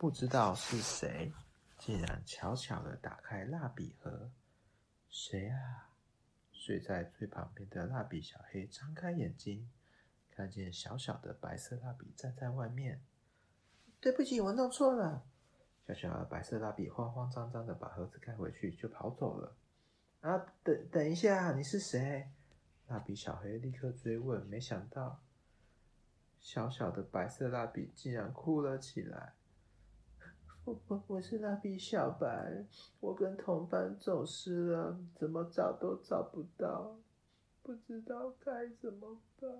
不知道是誰，竟然悄悄的打開蠟筆盒。誰啊？睡在最旁邊的蠟筆小黑張開眼睛，看見小小的白色蠟筆站在外面。對不起，我弄錯了。小小的白色蠟筆慌慌張張的把盒子蓋回去，就跑走了。啊，等等一下，你是誰？蠟筆小黑立刻追問，沒想到小小的白色蠟筆竟然哭了起來。我，我是蠟筆小白，我跟同伴走失了，怎麼找都找不到，不知道該怎麼辦。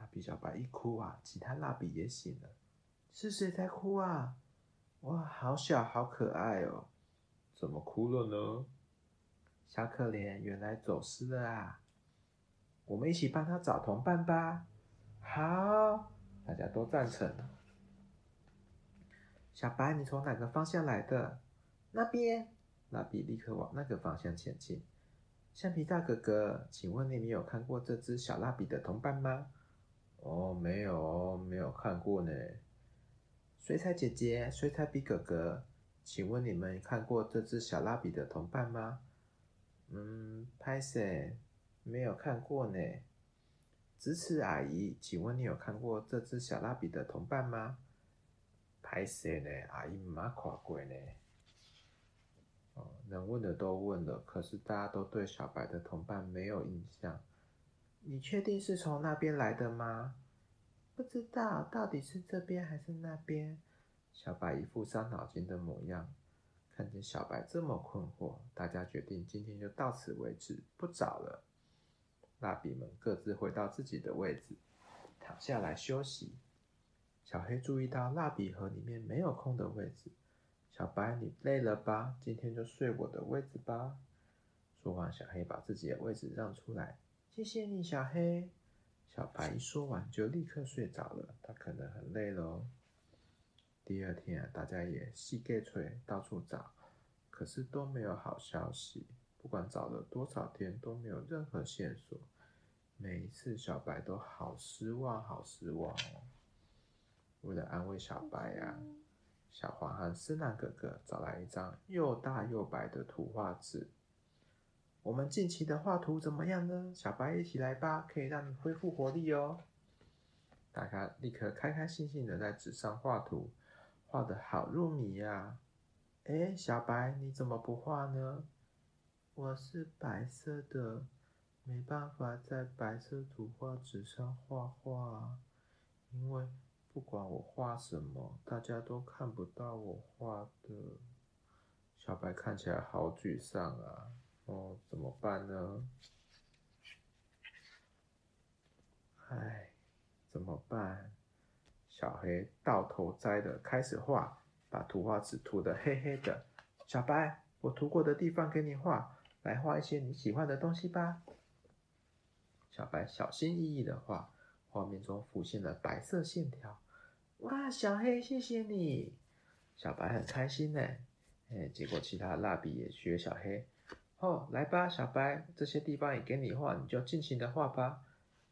蠟筆小白一哭啊，其他蠟筆也醒了。是誰在哭啊？哇，好小，好可愛哦、喔！怎麼哭了呢？小可憐，原來走失了啊！我們一起幫他找同伴吧。好，大家都贊成。小白，你從哪個方向來的？那邊。蠟筆立刻往那個方向前進。橡皮大哥哥，請問你，你有看過這只小蠟筆的同伴嗎？哦，沒有，沒有看過呢。水彩姐姐，水彩筆哥哥，請問你們看過這只小蠟筆的同伴嗎？嗯，歹勢，沒有看過呢。直尺阿姨，請問你有看過這只小蠟筆的同伴嗎？拍攝呢，阿姨媽誇過呢。哦，能問的都問了，可是大家都對小白的同伴沒有印象。你確定是從那邊來的嗎？不知道，到底是這邊還是那邊？小白一副傷腦筋的模樣。看見小白這麼困惑，大家決定今天就到此為止。不早了，蠟筆們各自回到自己的位置，躺下來休息。小黑注意到蠟筆盒裡面沒有空的位置。小白，你累了吧？今天就睡我的位置吧。說完，小黑把自己的位置讓出來。謝謝你，小黑。小白一說完就立刻睡着了，他可能很累了哦。第二天啊，大家也細個吹到處找，可是都沒有好消息。不管找了多少天，都沒有任何線索。每一次小白都好失望，好失望哦。為了安慰小白呀、啊，小黃和斯南哥哥找來一張又大又白的圖畫紙。我們近期的畫圖怎麼樣呢？小白一起來吧，可以讓你恢復活力哦！大家立刻開開心心地在紙上畫圖，畫得好入迷呀、啊！哎，小白你怎麼不畫呢？我是白色的，沒辦法在白色圖畫紙上畫畫啊，因為……不管我畫什麼，大家都看不到我畫的。小白看起來好沮喪啊，哦，怎麼辦呢？哎，怎麼辦？小黑到頭栽的開始畫，把圖畫紙塗的黑黑的。小白，我塗過的地方給你畫，來畫一些你喜歡的東西吧。小白小心翼翼的畫，畫面中浮現了白色線條。哇，小黑，謝謝你！小白很開心呢。哎，結果其他蠟筆也學小黑。哦，來吧，小白，這些地方也給你畫，你就盡情的畫吧。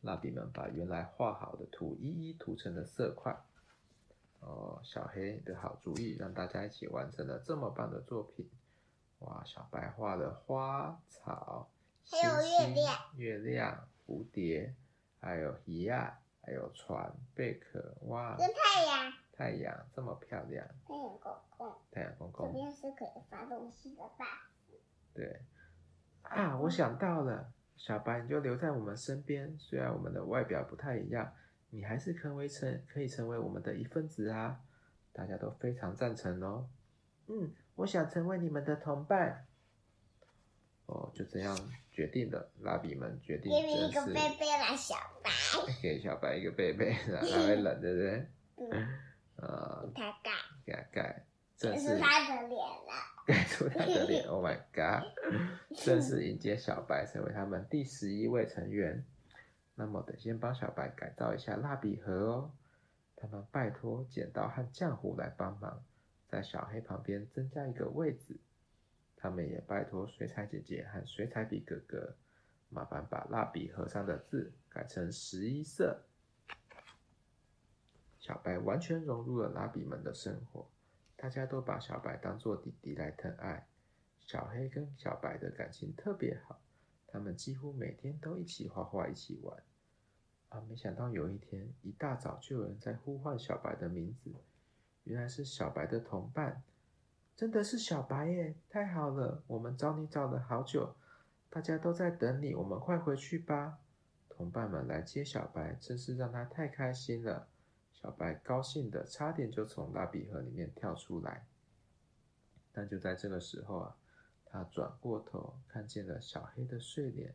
蠟筆們把原來畫好的圖一一塗成了色塊。哦，小黑的好主意，讓大家一起完成了這麼棒的作品。哇，小白畫了花草，星星還有月亮、月亮、蝴蝶，還有魚啊。還有船、貝殼，哇！跟太陽，太陽這麼漂亮。太陽公公，太陽公公。這邊是可以發東西的吧？對。啊，嗯、我想到了，小白，你就留在我們身邊。雖然我們的外表不太一樣，你還是可以成可以成為我們的一份子啊！大家都非常贊成哦。嗯，我想成為你們的同伴。哦，就這樣決定的，蠟筆們決定就是。給你一個貝貝來，小白。給小白一個貝貝，然後他會冷，對不對？嗯。嗯，給他蓋蓋。蓋蓋。正式他的臉了。蓋出他的臉，Oh my God！正式迎接小白成為他們第十一位成員。 那麼得先幫小白改造一下蠟筆盒哦。他們拜托剪刀和漿糊來幫忙，在小黑旁邊增加一個位置。他們也拜托水彩姐姐和水彩筆哥哥，麻煩把蠟筆盒上的字改成十一色。小白完全融入了蠟筆們的生活，大家都把小白當做弟弟來疼愛。小黑跟小白的感情特別好，他們幾乎每天都一起畫畫、一起玩。啊，沒想到有一天，一大早就有人在呼喚小白的名字，原來是小白的同伴。真的是小白耶，太好了！我們找你找了好久，大家都在等你，我們快回去吧。同伴們來接小白，真是讓他太開心了。小白高興得差點就從蠟筆盒裡面跳出來。但就在這個時候啊，他轉過頭看見了小黑的睡臉。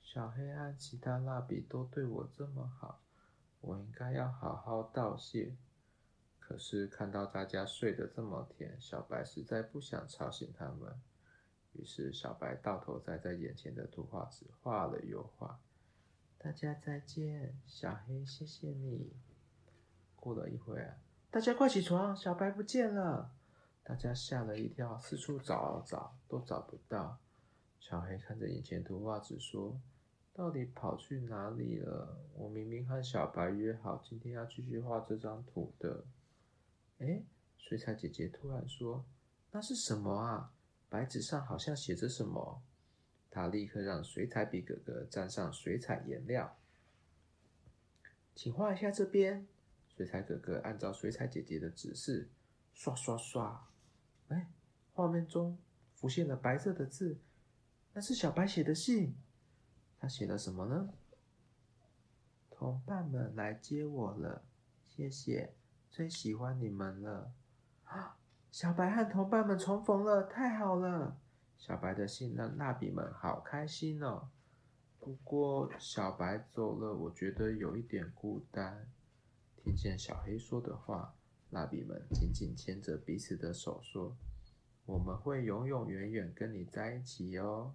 小黑和其他蠟筆都對我這麼好，我應該要好好道謝。可是看到大家睡得這麼甜，小白實在不想吵醒他們，於是小白倒頭栽在眼前的圖畫紙，畫了又畫。大家再見，小黑，謝謝你。過了一會兒，大家快起床，小白不見了！大家嚇了一跳，四處找啊找，都找不到。小黑看着眼前圖畫紙說：“到底跑去哪裡了？我明明和小白約好，今天要繼續畫這張圖的。”哎、欸，水彩姐姐突然說：“那是什麼啊？白紙上好像寫着什麼。”她立刻讓水彩筆哥哥沾上水彩顏料，請畫一下這邊。水彩哥哥按照水彩姐姐的指示，刷刷刷。哎、欸，畫面中浮現了白色的字，那是小白寫的信。他寫了什麼呢？同伴們來接我了，謝謝。最喜歡你們了，啊！小白和同伴們重逢了，太好了！小白的信讓蠟筆們好開心哦。不過小白走了，我覺得有一點孤單。聽見小黑說的話，蠟筆們緊緊牽着彼此的手說：“我們會永永遠遠跟你在一起哦。”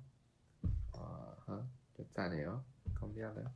啊哈，就讚了哦，很漂亮了。